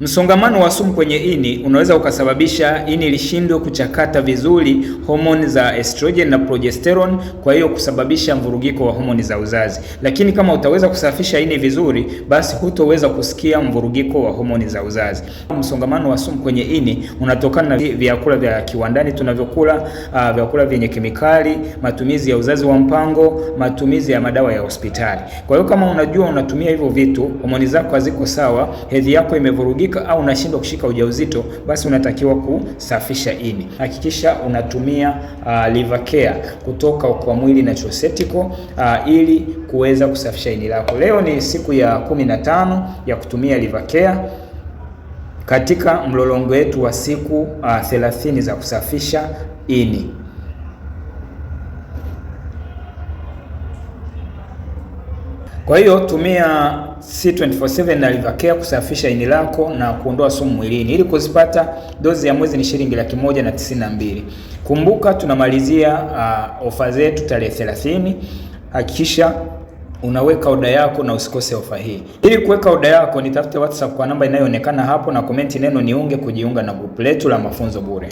Msongamano wa sumu kwenye ini unaweza ukasababisha ini lishindwe kuchakata vizuri homoni za estrogen na progesterone, kwa hiyo kusababisha mvurugiko wa homoni za uzazi. Lakini kama utaweza kusafisha ini vizuri, basi hutoweza kusikia mvurugiko wa homoni za uzazi. Msongamano wa sumu kwenye ini unatokana na vyakula vya kiwandani tunavyokula, uh, vyakula vyenye kemikali, matumizi ya uzazi wa mpango, matumizi ya madawa ya hospitali. Kwa hiyo kama unajua unatumia hivyo vitu, homoni zako haziko sawa, hedhi yako imevurugika kuvunjika au unashindwa kushika ujauzito, basi unatakiwa kusafisha ini. Hakikisha unatumia uh, liver care kutoka kwa Mwili na chosetiko uh, ili kuweza kusafisha ini lako. Leo ni siku ya kumi na tano ya kutumia liver care katika mlolongo wetu wa siku uh, 30 za kusafisha ini. Kwa hiyo tumia C247 na livakea kusafisha ini lako na kuondoa sumu mwilini. Ili kuzipata dozi ya mwezi ni shilingi laki moja na tisini na mbili. Kumbuka tunamalizia uh, ofa zetu tarehe 30. Hakikisha unaweka oda yako na usikose ofa hii. Ili kuweka oda yako, nitafute WhatsApp kwa namba inayoonekana hapo na komenti neno niunge kujiunga na grupu letu la mafunzo bure.